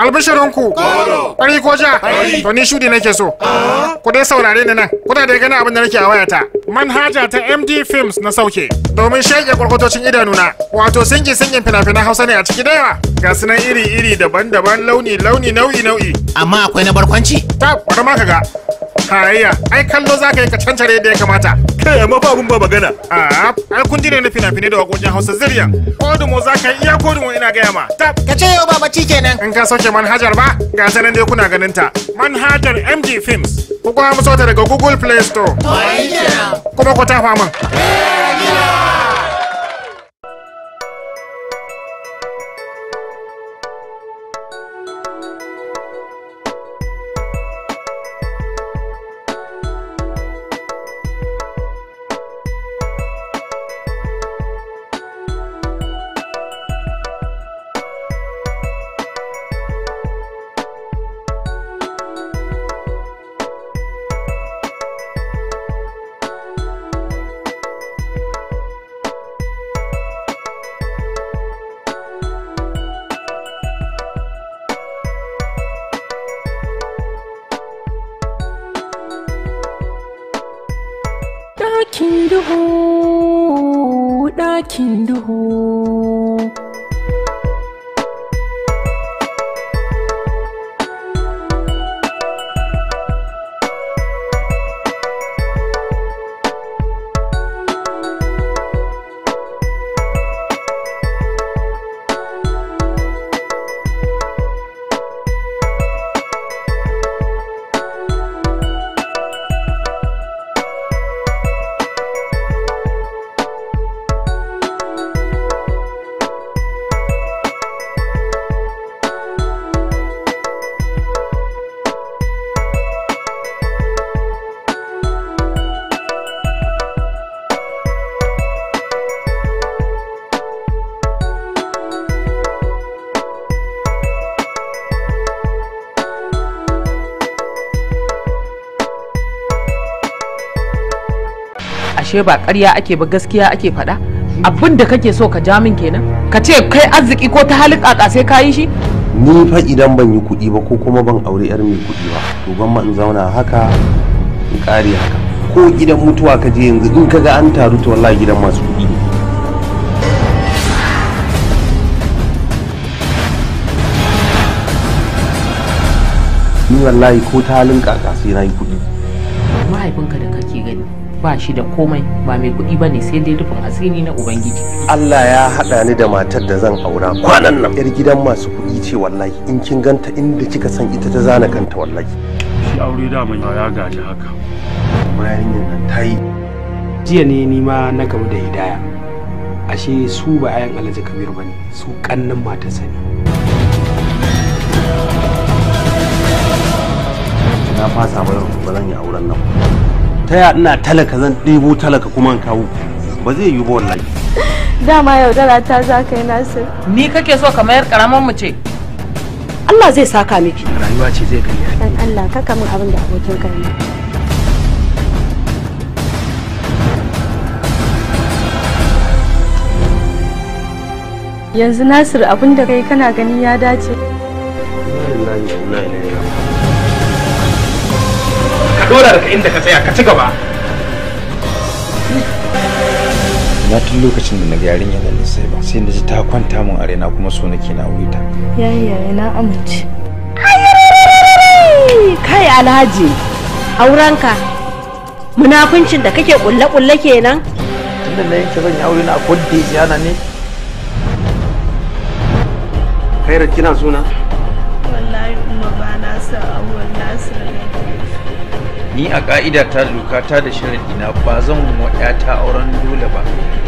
albishirinku ƙwari ko ja to ni shudi nake so ku dai saurare ni nan kuna da gani abin da nake a wayata manhaja ta md films na sauke domin shaƙe kwarkwatocin idanuna wato singi singin fina-finan hausa ne a ciki da yawa ga sunan iri-iri daban-daban launi-launi nau'i-nau'i amma akwai na barkwanci ta bari ma ka ga hayayya ai kallo za ka yi ka cancare da ya kamata kai amma ba abun ba magana a ah, ai kun ji ne na fina-finai da wakokin hausa zirya kodumo za ka iya kodumo ina gaya ma ta ka ce yau baba ci kenan in ka sauke manhajar ba ga sanan dai kuna ganin ta manhajar mg films ku kuma musu daga google play store kuma ku ta fama. faman ashe ba ƙarya ake ba gaskiya ake faɗa abin da kake so ka ja min kenan ka ce kai arziki ko ta halin ƙaƙa sai ka yi shi ni fa idan ban yi kuɗi ba ko kuma ban aure yar mai kuɗi ba to ban ma in zauna haka in ƙare haka ko gidan mutuwa ka je yanzu in kaga an taru to wallahi gidan masu kuɗi ne ni wallahi ko ta halin ƙaƙa sai na yi kuɗi mahaifinka da kake gani ba shi da komai ba mai kuɗi ba ne sai dai rufin asiri na ubangiji Allah ya haɗa ni da matar da zan aura kwanan nan yar gidan masu kuɗi ce wallahi in kin ganta inda kika san ita ta zana kanta wallahi shi aure da mai ya gaji haka amma yarinyar nan ta yi jiya ne ni ma na gamu da hidaya ashe su ba ayan Alhaji Kabiru bane su kannan matar sani. na fasa ba zan yi auren nan taya ina talaka zan ɗebo talaka kuma kawo ba zai yi ba wallahi dama yaudara ta za ka yi nasir ni kake so ka mayar karamar mu ce Allah zai saka miki rayuwa ce zai gani dan Allah ka kamun abin da abokin ka ne yanzu nasir abin da kai kana gani ya dace Allah ya dora daga inda ka tsaya ka ci gaba na tun lokacin da na ga yarinya nan sai ba sai na ji ta kwanta min a raina kuma so nake na wuta. yayi yayi na amince kai alhaji aurenka munafincin da kake kulle kulle kenan tunda na yanke zan yi aure na akwai da yana ne kai kina suna wallahi umma ba na sa aure ni a ka'ida ta ta da sharadi na ba zan wa ta auren dole ba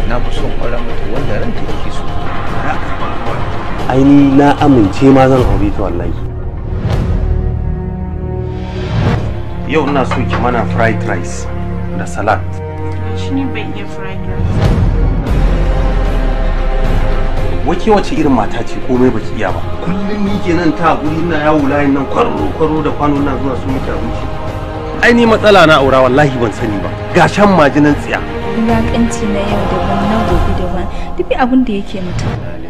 na fi son aure mata wanda ran ta yake so aini na amince ma zan aure ta wallahi yau ina so ki mana fried rice da salad shi ne ban yi fried rice wake wace irin mata ce komai ki iya ba kullum ni kenan ta guri na yawo layin nan kwaro kwaro da kwano na zuwa su muke abinci aini matsala na aura wallahi ban sani ba ga shan majinan tsiya kanti na yau daban na gobe daban duk abin da yake mutum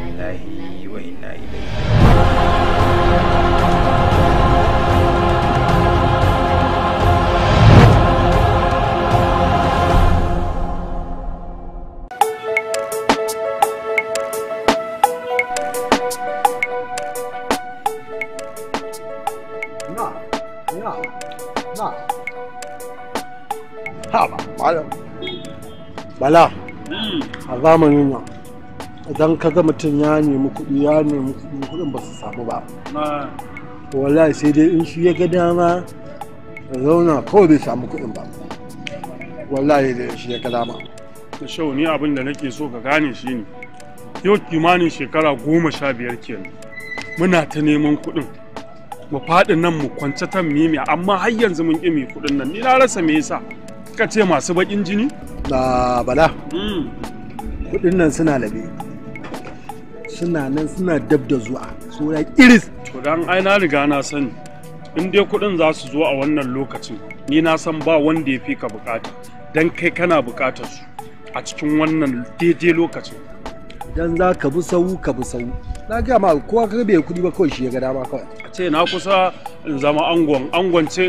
bala hmm. a zamanin nan idan ka ga mutum ya nemi kuɗi ya nemi kuɗi kuɗin ba su samu ba wallahi sai dai in shi ya ga dama ya zauna kawai bai samu kuɗin ba wallahi dai shi ya ga dama da shau ni abin da nake so ka gane shi ne yau kimanin shekara goma sha biyar kenan muna ta neman kuɗin mu faɗi nan mu kwance ta mimi amma har yanzu mun ƙi kuɗin nan ni na rasa me yasa ka ce masu baƙin jini da bala mm. kudin nan suna labe suna nan suna dab da zuwa suna iris to dan ai na riga na sani in dai kudin za su zo a wannan lokacin ni na san ba wanda ya fi ka bukata dan kai kana bukatar su a cikin wannan daidai lokacin dan za ka bi sau ka bi sau na gaya ma kowa ka bai kudi ba kawai shi ya ga dama kawai a ce na kusa in zama angon angon ce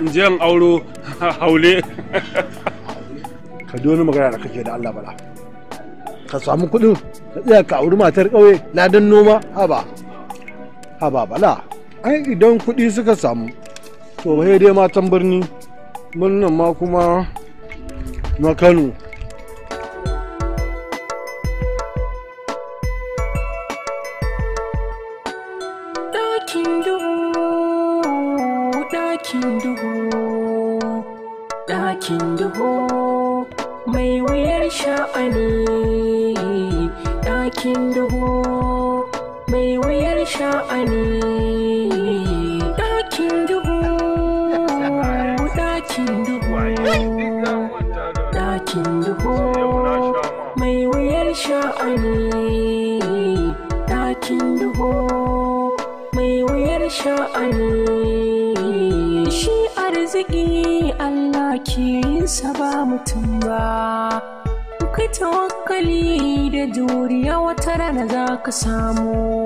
in je in auro haule ka wani magana da kake da Allah bala ka samu kuɗin ka tsaya ka auri matar ƙauye ladan noma haba haba bala ai idan kuɗi suka samu to dai matan birni nan ma kuma na kano sha'ani ɗakin duhu ɗakin duhu ɗakin duhu mai wuyar sha'ani ɗakin duhu mai wuyar sha'ani shi arziki Allah ke yinsa ba mutum ba kai tawakkali da juriya wata rana za ka samu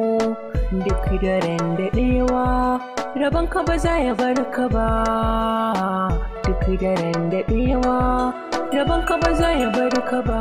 daren daɗewa rabon ka ba za ya bar ka ba duk daren daɗewa rabon ka ba za ya bar ka ba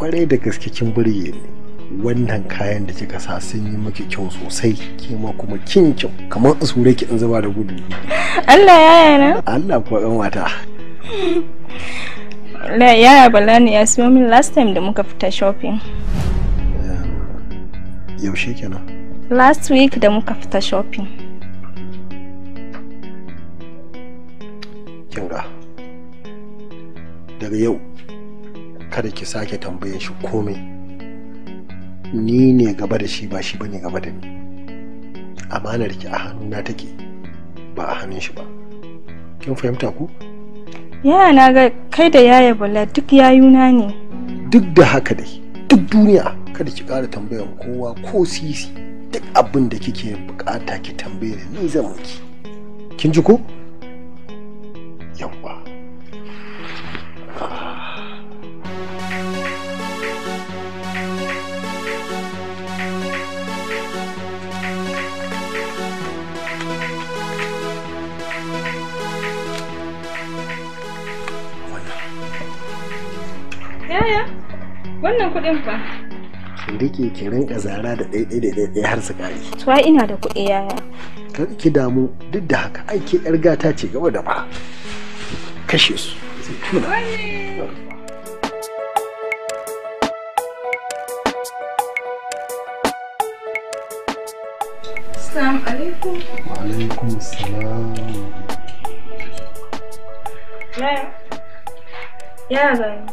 kwarai da gaske kin burge ni wannan kayan da kika sa sun yi miki kyau sosai kima kuma kin kyau kamar a sure ki in zuba da gudu Allah ya yana Allah ko ɗan wata La yaya Balani ya siyo min last time da muka fita shopping. Eh, yaushe kenan? Last week da muka fita shopping. Kinga. Daga yau kada ki sake tambaye shi komai ni ne gaba da shi ba shi bane gaba da ni amanar ki a hannuna take ba a hannun shi ba kin fahimta ku yana na ga kai da yaya bala duk yayuna ne duk da haka dai duk duniya kada ki ƙara tambaya kowa ko sisi duk abin da kike bukata ki tambaye ni zan miki kin ji ko sauran kuɗin ba. Rike ki rinka zara da ɗaiɗai da ɗaiɗai har su ƙari. Tuwa ina da kuɗi yaya. Kar ki damu duk da haka aiki yar gata ce gaba da ba. Kashe su. Assalamu alaikum. Wa alaikum assalam. Yaya? Yaya gani?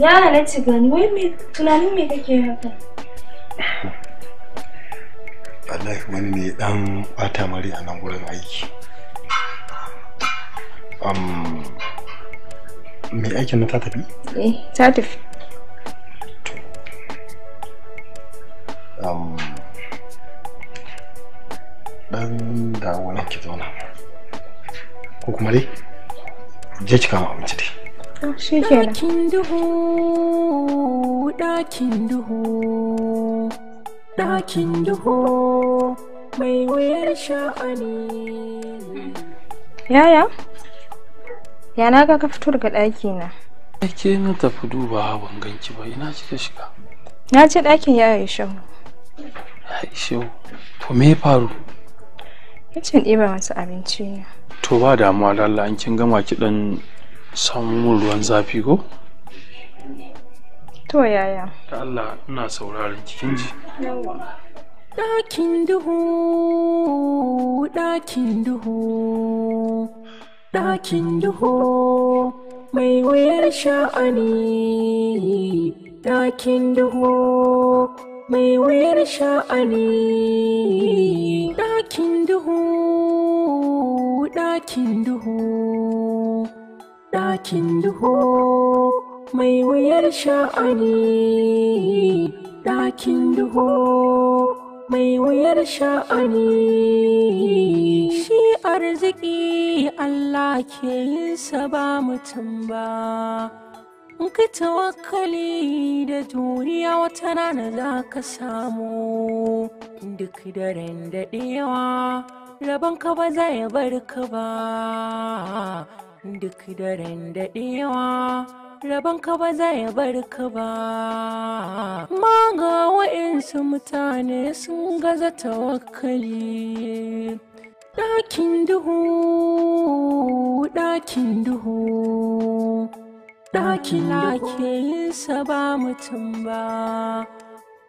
na ci gani wai me tunanin me kake haka? Wallahi wani ne dan bata mari a nan gurin aiki. Um, me aikin na ta tafi? Eh, ta tafi. Um, dan da wannan ki zauna. Ko kuma dai je ki abinci dai. shi kenan ɗakin duhu ɗakin duhu ɗakin duhu mai wayar sha'ani yaya ya na ga ka fito daga ɗaki na ke na tafi duba ban ganki ba ina kika shiga na ce ɗakin ya yi shahu ya yi shahu to me faru kicin ɗiba masu abinci ne to ba damuwa lalla an kin gama ki dan samun ruwan zafi ko? To yaya. Ta Allah ina sauraron cikin ji. Ɗakin duhu, ɗakin duhu, ɗakin duhu, mai wayar sha'ani, ɗakin duhu, mai wayar sha'ani, ɗakin duhu, ɗakin duhu. ɗakin duhu mai wuyar sha'ani ɗakin duhu mai wuyar sha'ani shi arziki Allah ke yin sa ba mutum ba ka tawakkali da juriya wata rana za ka samu duk daren daɗewa rabon ka ba za ya bar ka ba duk daren daɗewa rabon ka ba za ya bar ka ba ma ga wa'insu mutane sun gaza tawakkali ɗakin duhu ɗakin duhu ɗakin ke yinsa ba mutum ba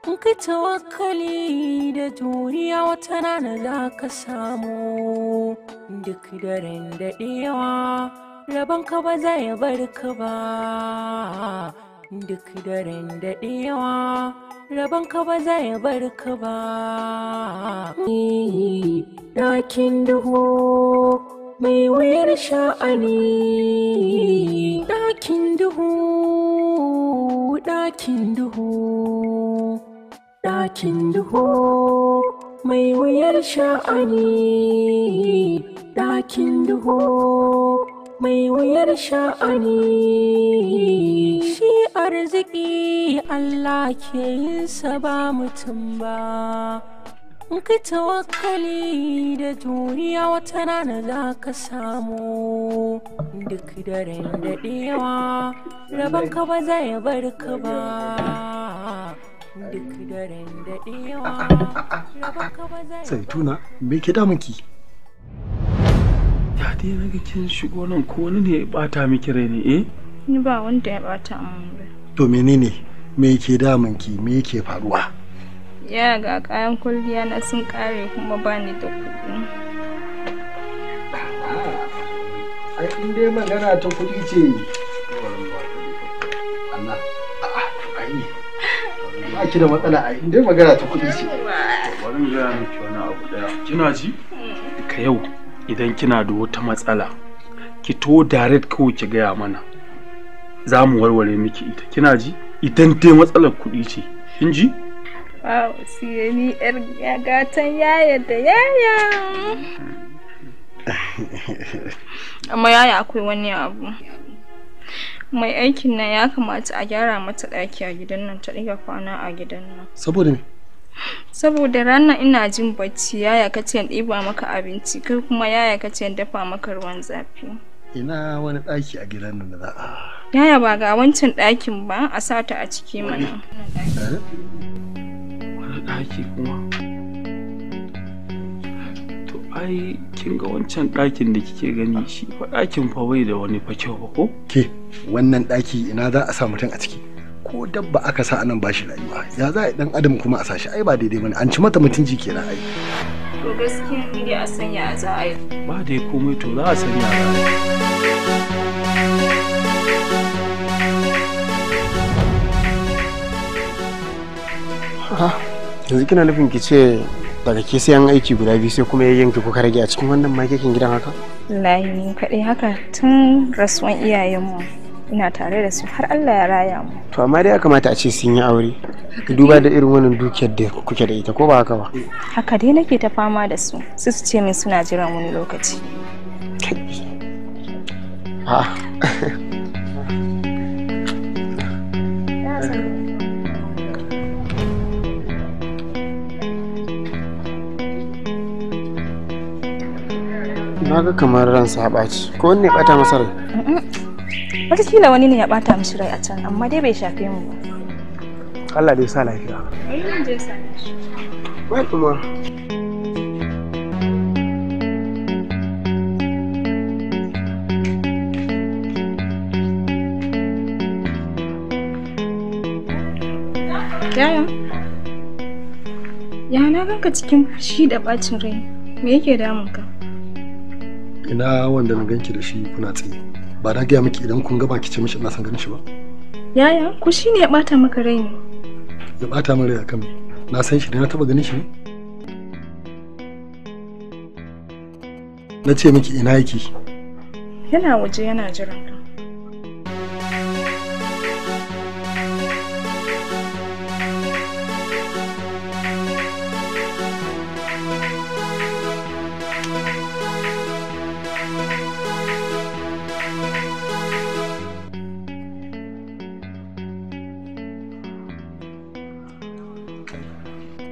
in ka tawakkali da duniya wata rana za ka samu duk daren daɗewa rabon ka ba zai bar ka ba duk da daɗewa rabon ka ba zai bar ka ba ɗakin duhu mai wuyar sha'ani ɗakin duhu ɗakin duhu ɗakin duhu mai wuyar sha'ani ɗakin duhu mai wuyar sha'ani shi arziki Allah ke yin sa ba mutum ba ka tawakkali da duniya wata rana za ka samu duk daren daɗewa rabon ka ba zai bar ka ba duk daren daɗewa rabon ka ba zai bar ka ba zaituna me ke damunki ya dai na kin shigo nan ko wani ne ya bata miki rai ne eh ni ba wanda ya bata min rai to menene me yake damun ki me yake faruwa ya ga kayan kulliya na sun kare kuma ba ni da kudi ai in dai magana ta kudi ce Allah a'a ai ba ki da matsala ai in dai magana ta kudi ce bari mu ga miki wani abu daya kina ji mm. ka yau idan kina da wata matsala ki to direct kawai ki gaya mana za mu warware miki ita kina ji idan dai matsalar kuɗi ce kin ji Wow, siye ni yar gatan yaya da yaya. Amma yaya akwai wani abu. Mai aikin nan ya kamata a gyara mata ɗaki a gidan nan ta ɗiga kwana a gidan nan. Saboda me? saboda rana ina jin bacci yaya kace in ɗiba maka abinci kai kuma yaya kace in dafa maka ruwan zafi ina wani ɗaki a gidan nan da za a yaya ba ga wancan ɗakin ba a sata a ciki mana wani ɗaki kuma to ai kin ga wancan ɗakin da kike gani shi fa ɗakin fa bai da wani fa kyau ba ko ke wannan ɗaki ina za a sa mutum a ciki ko dabba aka sa anan bashi rayuwa ya za a dan adam kuma a sashi ai ba daidai bane an ci mata mutunci kenan ai to gaskiya ni dai a sanya a za a yi ba dai komai to za a sanya a ha yanzu kina nufin ki ce daga ke sayan aiki guda biyu sai kuma ya yanke kuka rage a cikin wannan makekin gidan haka? Wallahi ni kaɗai haka tun rasuwan iyayenmu. ina tare da su har Allah ya raya mu to amma dai ya kamata a ce sun yi aure duba da irin wannan dukiyar da kuke da ita ko ba haka ba haka dai nake ta fama da su su su ce min suna jiran wani lokaci ah. na ga kamar ran ɓaci ko wanne ɓata masarar Wataƙila wani ne ya ɓata mishi rai a can, amma dai bai shafe mu ba. Allah dai sa lafiya. sa shi. Wai kuma. Yaya? Ya na ganka cikin shi da bacin rai. Me yake damun ka? Ina wanda na ganki da shi kuna tsaye. ba na gaya miki idan kun ga baki ce mishi ina san ganin shi ba yaya ko shine ya bata maka rai ne ya bata min rai akan na san shi da na taba ganin shi ne na ce miki ina yake yana waje yana jira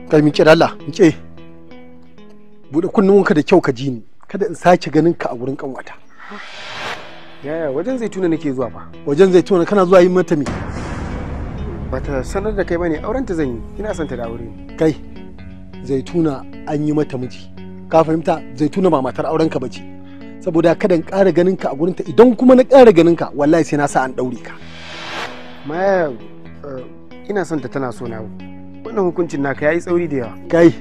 kai miƙe da Allah miƙe bude kunnuwanka da kyau ka ji ni kada in sake ganin ka a gurin kanwata yaya wajen zaituna nake zuwa fa wajen zaituna kana zuwa yin mata me bata sanar da kai bane auren ta zan yi ina son ta da aure kai zaituna an yi mata miji ka fahimta zaituna ba matar auren ka bace saboda kada in ƙara ganin ka a gurin ta idan kuma na ƙara ganin ka wallahi sai na sa an daure ka ma eh, ina son ta tana so na wannan hukuncin naka yayi tsauri da yawa kai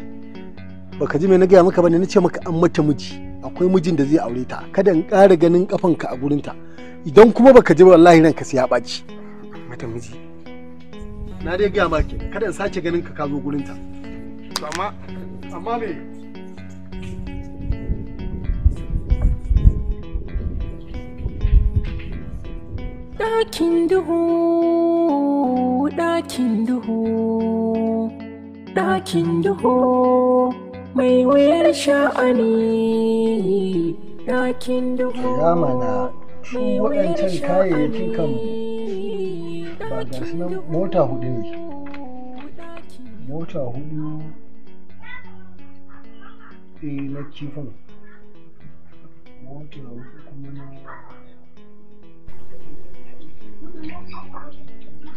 baka ji me na gaya maka bane na ce maka an mata miji akwai mijin da zai aure ta kada in ƙara ganin kafanka a gurinta idan kuma baka ji wallahi ranka sai ya baci mata miji na dai gaya maka kada in sace ganin ka ka zo gurinta amma amma me ɗakin duhu ɗakin duhu ɗakin duhu mai wayar sha'ani ɗakin duhu mai mana shi waɗancan kayayyaki kan ba ga mota hudu ne mota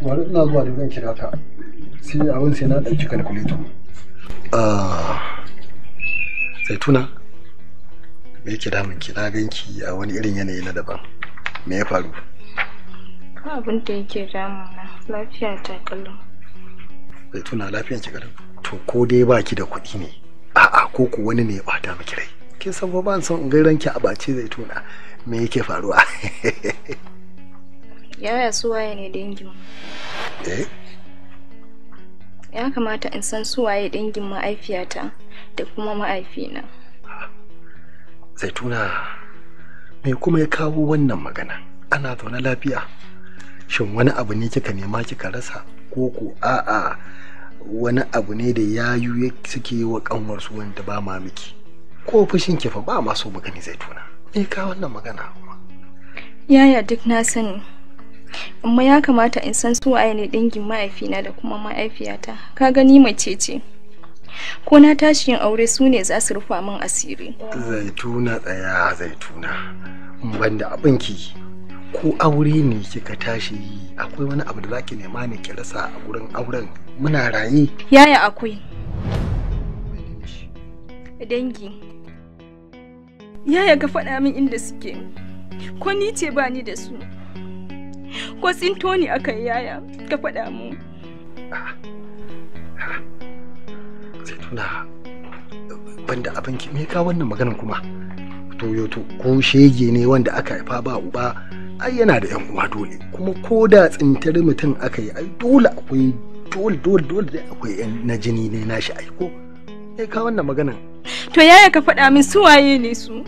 bari ina zuwa da zan kira ta sai abin sai na ɗauki kalkuleto ah, zaituna me yake damun ki na ganki a wani irin yanayi na daban me ya faru abin da yake na lafiya ta kallon zaituna lafiyan ki kallon to ko dai ba ki da kuɗi ne a'a ko ku wani ne ya bata miki rai kin san ba ban son in ga ranki a bace zaituna me yake faruwa yaya suwaye ne dangin mu eh ya kamata in san suwaye dangin ma'aifiyata da kuma ma'aifina zaituna me kuma ya kawo wannan magana ana zaune lafiya shin wani abu ne kika nema kika rasa ko ko a'a wani abu ne da yayu suke yi wa kanwarsu wanda ba ma miki ko fushin ki fa ba ma so mu gani zaituna me ka wannan magana kuma yaya duk na sani amma ya kamata in san su waye ne dangin mahaifina da kuma mahaifiyata ka gani mace ce ko na tashi yin aure su ne za su rufa min asiri zaituna tsaya zaituna banda ki. ko aure ne kika tashi akwai wani abu da zaki nema ne ki rasa a gurin auren muna raye yaya akwai dangi yaya ka faɗa min inda suke ko ni ce ba ni da su ko tsinto ne aka yi yaya ka faɗa mu zaituna banda abin ki me ka wannan maganan kuma toyoto ko shege ne wanda aka haifa ba uba ai yana da yan uwa dole kuma ko da tsintar mutum aka yi ai dole akwai dole dole dole dai akwai yan na jini ne nashi ai ko me ka wannan maganan to yaya ka faɗa min su waye ne su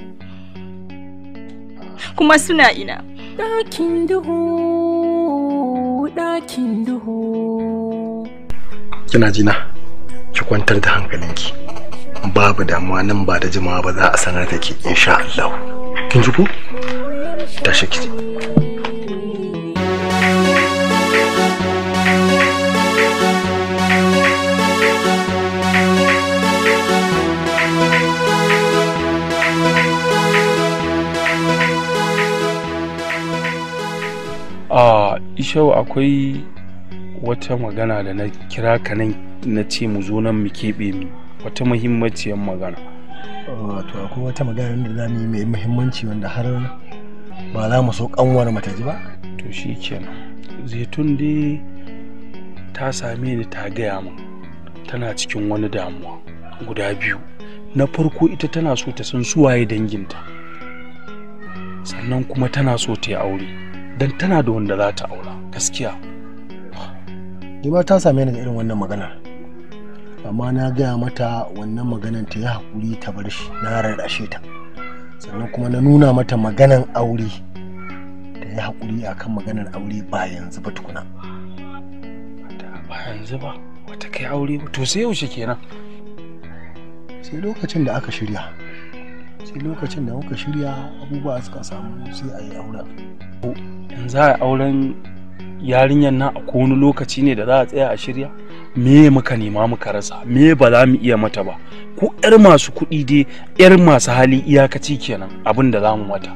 kuma suna ina ɗakin duhu ɗakin duhu. Kina jina, ki kwantar da hankalinki. Babu damuwa nan ba da jimawa ba za a sanar da ki insha Allah. Kin ji ko? Tashi ki ishau akwai wata magana da na kira ka nan na ce mu zo nan mu keɓe mu wata muhimmanciyar magana wato akwai wata magana da za mu yi mai muhimmanci wanda har ba za mu so kanwar mata ji ba to shi kenan zaitun dai ta same ni ta gaya min tana cikin wani damuwa guda biyu na farko ita tana so ta san suwaye danginta sannan kuma tana so ta yi aure Dan tana da wanda za ta aura gaskiya ni ba ta same ni da irin wannan magana amma na gaya mata wannan maganar ta yi hakuri ta bar shi na rarrashe ta sannan kuma na nuna mata maganar aure ta yi hakuri akan maganar aure ba yanzu ba tukuna ba yanzu ba wata kai aure ba to sai yaushe kenan sai lokacin da aka shirya sai lokacin da muka shirya abubuwa suka samu sai a yi auren za a auren yarinyar nan a wani lokaci ne da za a tsaya a shirya me muka nema muka rasa me ba za mu iya mata ba Ko yar masu kuɗi dai yar masu hali iyakaci kenan abin da za mu mata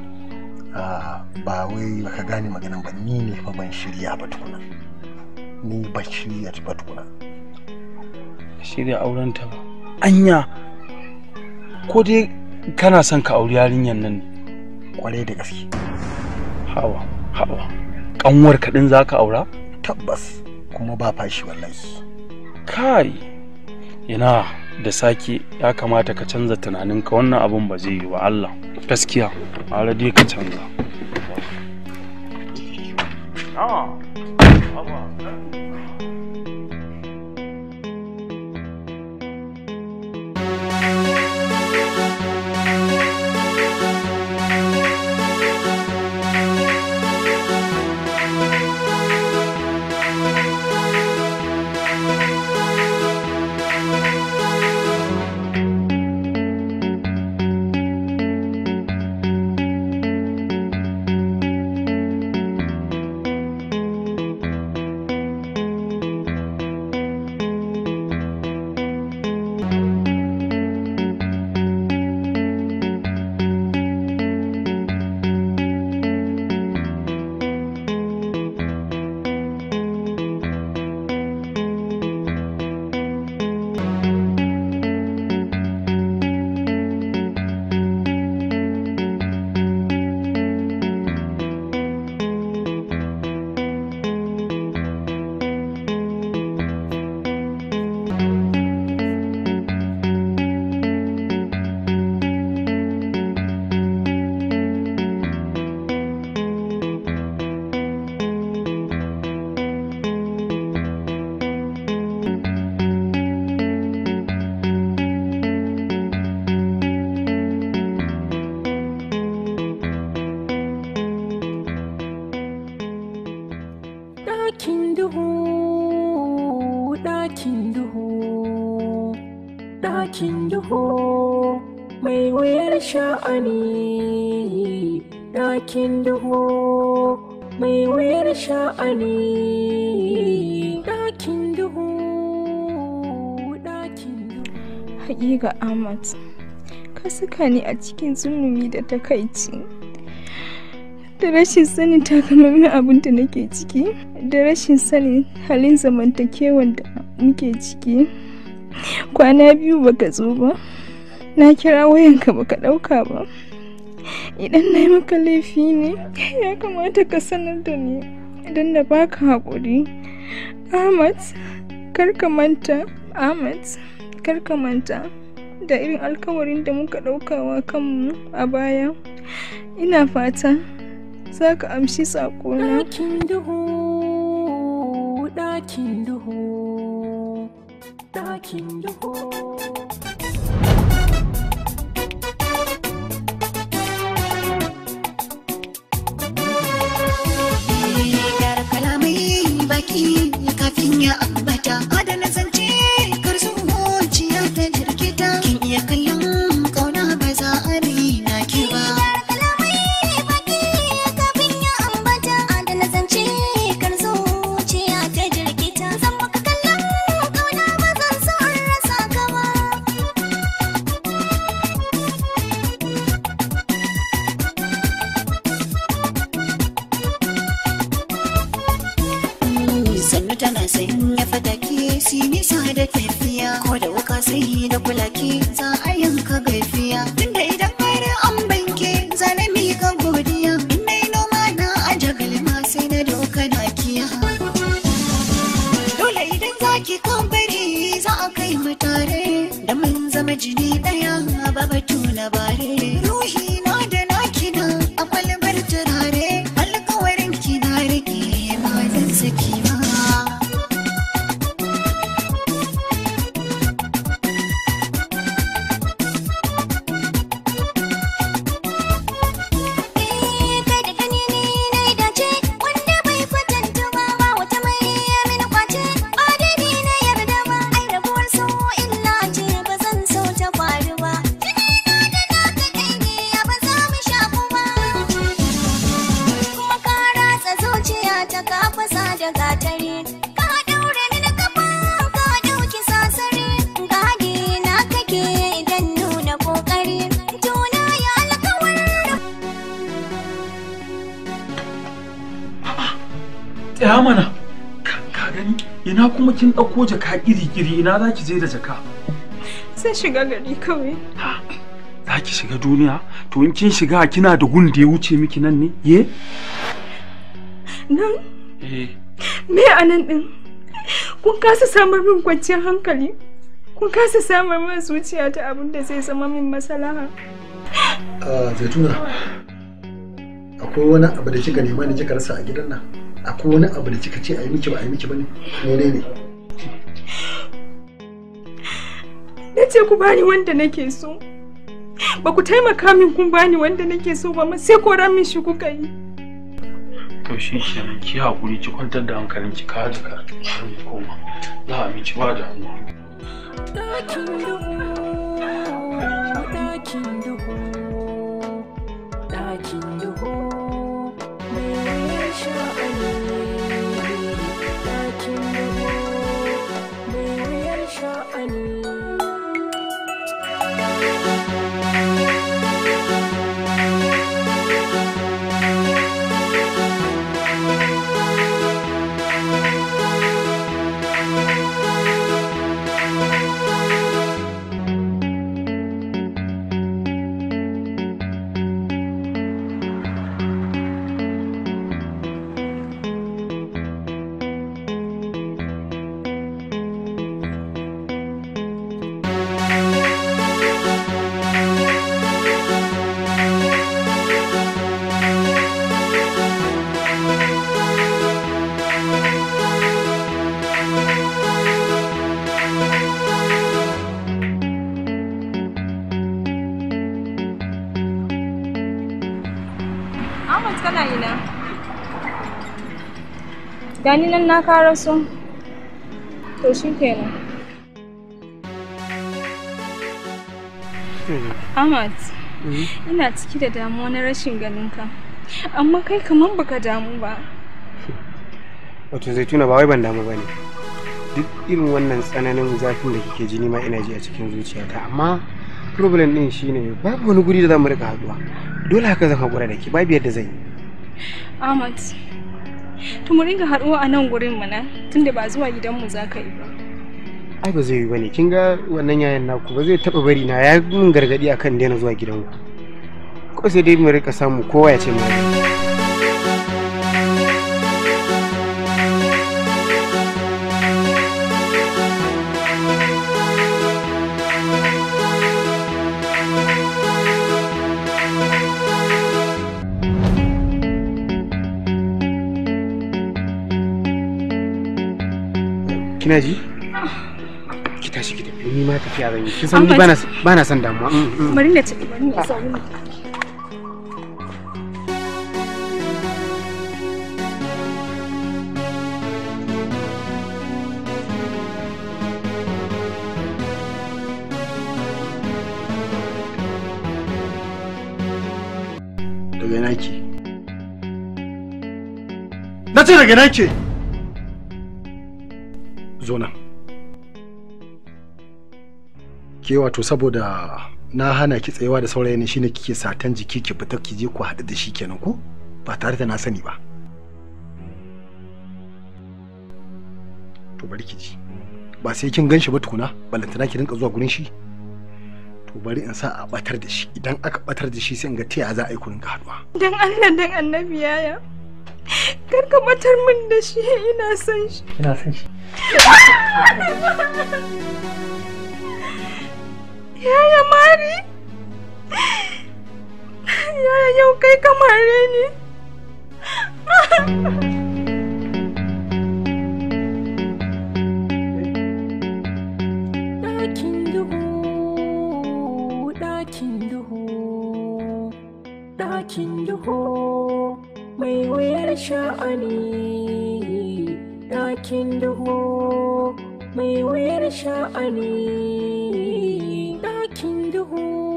ba wai baka gane maganan ba ni ne fa ban shirya ba tukuna ni ban shirya ba tukuna shirya auren ta ba anya ko dai kana son ka auri yarinyar nan ne kwarai da gaske hawa Hawa. kaɗin za ka aura? Tabbas kuma ba fashi wallahi. Kai, ina da sake ya kamata ka canza tunaninka wannan abin ba zai yi wa Allah. Gaskiya, ara dai ka canza. Ah, ga Ahmad. Ka saka ni a cikin zulumi da takaici. Da rashin sanin takamaimai abin da nake ciki, da rashin sani halin zamantakewar da muke ciki. Kwana biyu baka zo ba, na kira wayanka baka ɗauka ba. Idan na yi maka laifi ne, ya kamata ka sanar da ni idan na baka haƙuri. Ahmad, kar Ahmad, kar ka manta. da irin alkawarin da muka ɗaukawa kanmu a baya ina fata za ka amshi saƙona ɗakin duhu ɗakin duhu ɗakin duhu baki kafin ya ambata ko jaka iri-iri ina za ki je da jaka? Sai shiga gari kawai. Za ki shiga duniya? To in kin shiga kina da gun da ya wuce miki nan ne? Ye? Nan? Eh. Me a nan ɗin? Kun kasa samar min kwanciyar hankali? Kun kasa samar min zuciya ta abin da zai zama min masalaha? A ah, Zaituna. Akwai wani abu da kika nema ne kika rasa a gidan nan? akwai wani abu da kika ce a yi miki ba a yi miki ba ne ne ce ku bani wanda nake so ba ku taimaka min kun bani wanda nake so ba ma sai kora min shi kuka yi to shi kenan ki hakuri ki kwantar da hankalin ki ka ji ka koma za a ba da hannu tana ina gani nan na kara su to shi kenan hmm. Ahmad, hmm. ina ciki da damuwa na rashin ganin ka amma kai kamar baka damu ba. Wato zaituna ba wai ban damu ba ne. Duk irin wannan tsananin zafin da kike jini ma ina ji a cikin zuciyata, amma problem din shine babu wani guri da za mu rika haduwa. Dole haka zan haƙura da ki, babu yadda zan yi. Ahmad, to mu ringa haɗuwa a nan gurin mana tunda ba zuwa gidanmu za ka yi ba. Ai ba zai yi bane kin ga wannan yayan naku ba zai taɓa bari na ya mun gargaɗi akan daina zuwa gidanku. Ko sai dai mu rika samu kowa ya ce mu. kina ji ki tashi ki tafi ni ma tafiya zan yi kin san ni bana bana san damuwa mm, mm. bari na tafi bari na sauri daga nake na ce daga nake zo nan ke wato saboda na hana ki tsayawa da saurayi ne shine kike satan jiki ki fita ki je ku haɗu da shi kenan ko ba tare da na sani ba to bari ki ji ba sai kin ganshi ba tukuna ballantana ki rinka zuwa gurin shi to bari in sa a batar da shi idan aka batar da shi sai in ga ta za a yi ku rinka haɗuwa dan Allah dan annabi yaya Kar ka matar min da shi ina son shi. Yaya Mari? Yaya yau kai kamare ne? Ɗakin duhu, ɗakin duhu, ɗakin duhu. mai wuyar sha'ani ɗakin duhu mai wuyar sha'ani ɗakin duhu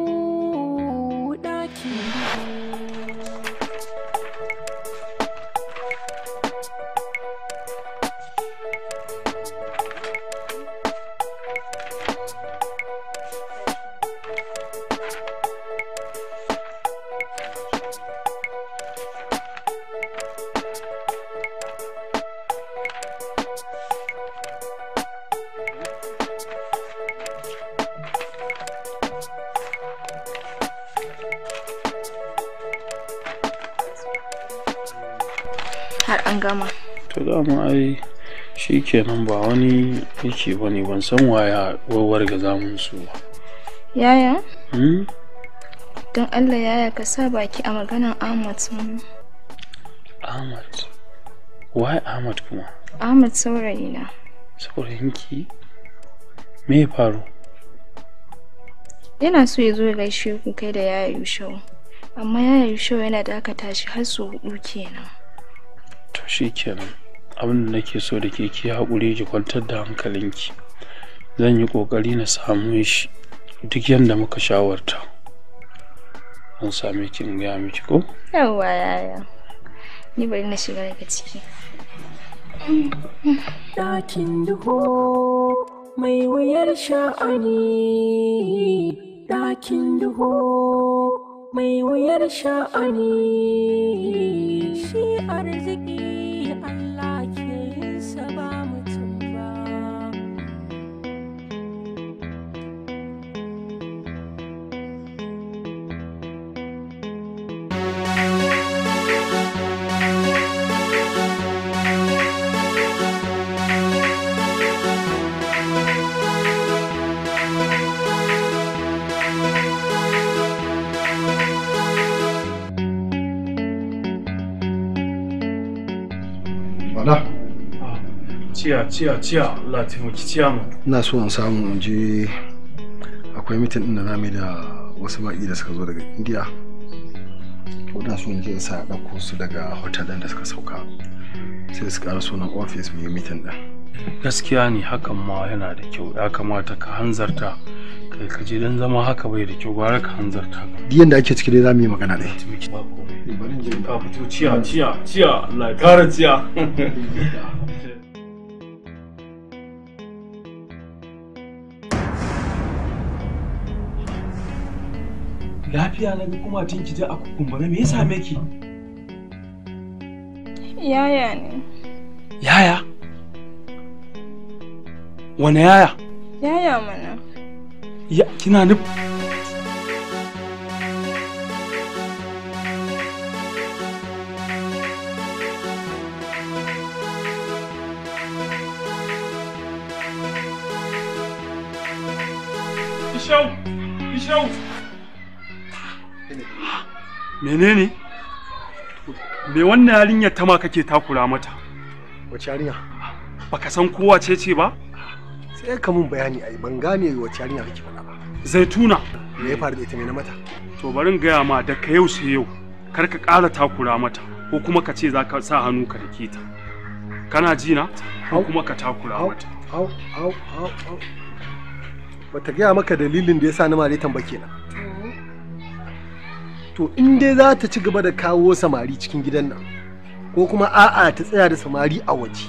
shi kenan ba wani yake ba ne ban san waya wawar ga zamun su ba yaya hmm? don allah yaya ka sa baki a maganan ahmad sun ahmad why ahmad kuma ahmad saurayi na saurayinki me ya faru yana so ya zo ya gaishe ku kai da yaya yushau amma yaya yushau yana dakata shi har su hudu kenan to shi kenan abin da nake so da ke ki haƙuri ki kwantar da hankalinki zan yi ƙoƙari na samu shi duk yadda muka shawarta an same ki in gaya miki ko yawa yaya ni bari na shiga daga ciki ɗakin duhu mai wuyar sha'ani ɗakin duhu mai wuyar sha'ani shi arziki ciya ciya ciya Allah taimaki ciya mu ina so in samu in je akwai mitin din da za mu da wasu baki da suka zo daga India to ina so in je in sa dauko su daga hotel din da suka sauka sai su ƙara sunan office mu yi mitin din gaskiya ne hakan ma yana da kyau ya kamata ka hanzarta kai ka je don zama haka bai da kyau gwara ka hanzarta diyan da ake ciki dai za mu yi magana ne ciya ciya ciya Allah ya kara ciya Lafiya na ga kuma ki je a kumbura me ya same ki? Yaya ne. Yaya? Wane yaya? Yaya mana. Ya kina nufi menene me wannan yarinyar ta ma kake takura mata wace yarinya baka san kowa ce ce ba sai ka mun bayani ai ban gane wace yarinya kake faɗa ba zaituna me ya faru da ita me na mata to bari barin gaya ma da ka yau sai yau kar ka ƙara takura mata ko kuma ka ce za ka sa hannu ka rike ta kana ji na ko kuma ka takura mata au au au au ba ta gaya maka dalilin da ya sa ni ma dai tambake na to in dai za ta ci gaba da kawo samari cikin gidan nan ko kuma a'a ta tsaya da samari a waje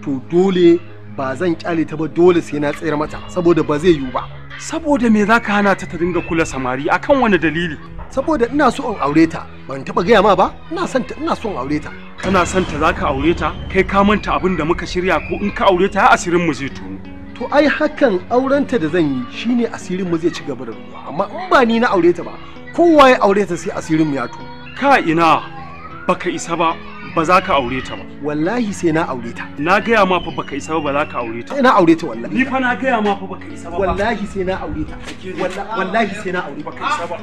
to dole ba zan kyale ta ba dole sai na tsayar mata saboda ba zai yiwu ba saboda me za ka hana ta ta dinga kula samari akan wani dalili saboda ina so in aure ta ban taba gaya ma ba ina son ta ina so in aure ta kana son ta zaka aure ta kai ka manta abin da muka shirya ko in ka aure ta a asirin mu zai tuno to ai hakan aurenta da zan yi shine asirin mu zai ci gaba da ruwa amma in ba ni na aure ta ba kowa ya aure ta sai asirin mu ya to ka ina baka isa ba ba za ka aure ta ba wallahi sai na aure ta na gaya ma fa baka isa ba ba za ka aure ta ina aure ta wallahi ni fa na gaya ma fa baka isa ba wallahi sai na aure ta wallahi sai na aure baka isa ba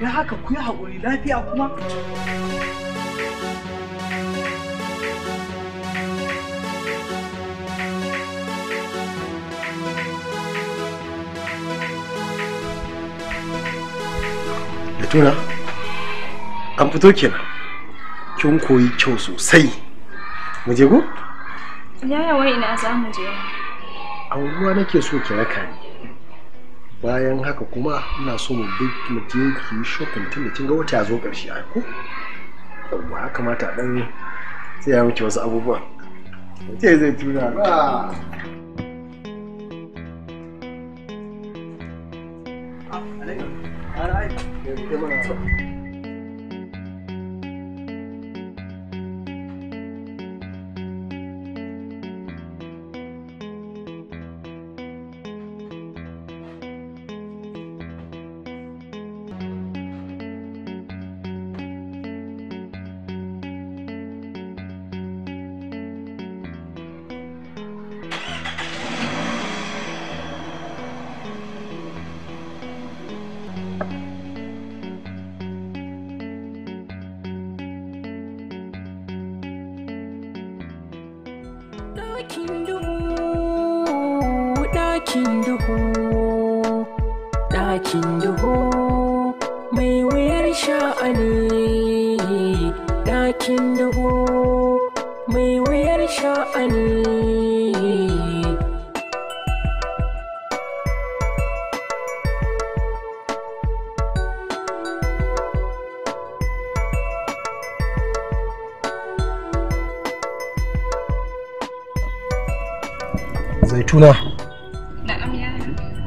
ya haka ku yi haƙuri lafiya kuma Tuna, an fito kenan kin koyi kyau sosai mu je go yaya wai ina za mu je a ruwa nake so ki raka ni bayan haka kuma ina so mu bi mu je ki shopping tun da kin ga wata ya zo karshe a ko ba ya kamata dan sai ya miki wasu abubuwa ce zai tuna ba ah! 什么？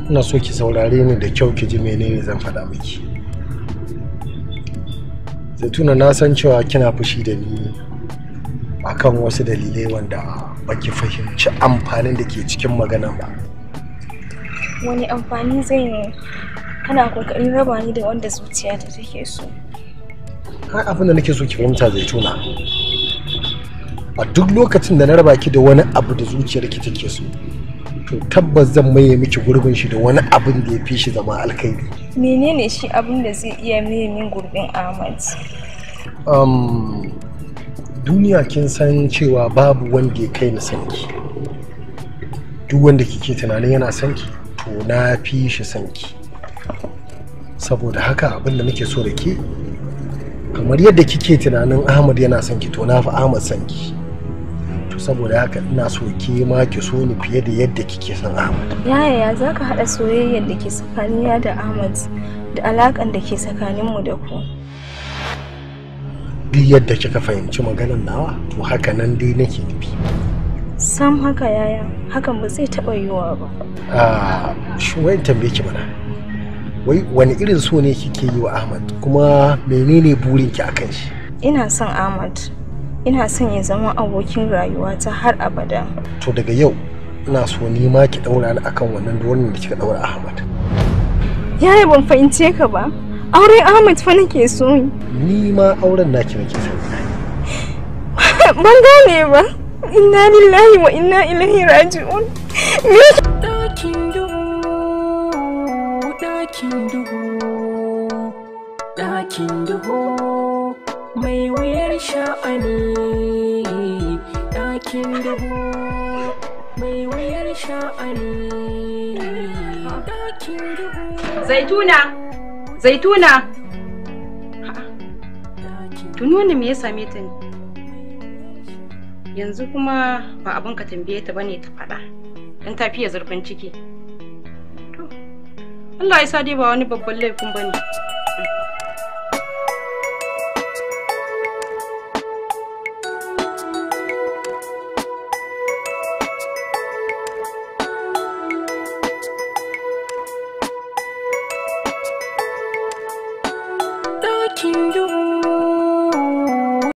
ina so ki saurare ni da kyau ki ji menene zan faɗa miki zaituna na san cewa kina fushi da ni akan wasu dalilai wanda baki fahimci amfanin da ke cikin magana ba wani amfani zai ne kana kokarin raba ni da wanda zuciya ta take so har abin da nake so ki fahimta zaituna a duk lokacin da na raba ki da wani abu da zuciyar ki take so to tabbas zan maye miki gurbin shi da wani abin da ya fi shi zama alkhairi menene shi abin da zai iya maye min gurbin ahmad um, duniya kin san cewa babu wanda ya kai na sanki duk wanda kike tunanin yana sanki to na fi shi sanki saboda haka abin da nake so da ke kamar yadda kike tunanin ahmad yana sanki to na fi ahmad sanki saboda haka ina so ke ma ki so ni fiye da yadda kike son Ahmad. Yaya ya za ka haɗa soyayyar da ke ya da Ahmad da alaƙan da ke tsakaninmu da ku? Duk yadda kika fahimci maganar nawa to haka nan dai nake nufi. Sam haka yaya hakan ba zai taɓa yiwuwa ba. Ah, shi wayan tambaye ki mana. Wai wani irin so ne kike yi wa Ahmad kuma menene burinki akan shi? Ina son Ahmad. ina son ya zama abokin rayuwata har abada to daga yau ina so ni ma ki daura ni akan wannan duwannin da kika daura Ahmad yaya ban fahimce ka ba auren Ahmad fa nake so ni ma auren naki nake so ban gane ba inna lillahi wa inna ilaihi raji'un dakin duhu dakin duhu dakin duhu mai wuyar sha'ani ɗakin dubu mai wuyar sha'ani ɗakin dubu zaituna zaituna tuno ne me ya same ta ne yanzu kuma ba abin ka tambaye ta bane ta faɗa in ta fiye zurfin ciki Allah ya sa dai ba wani babban laifin bane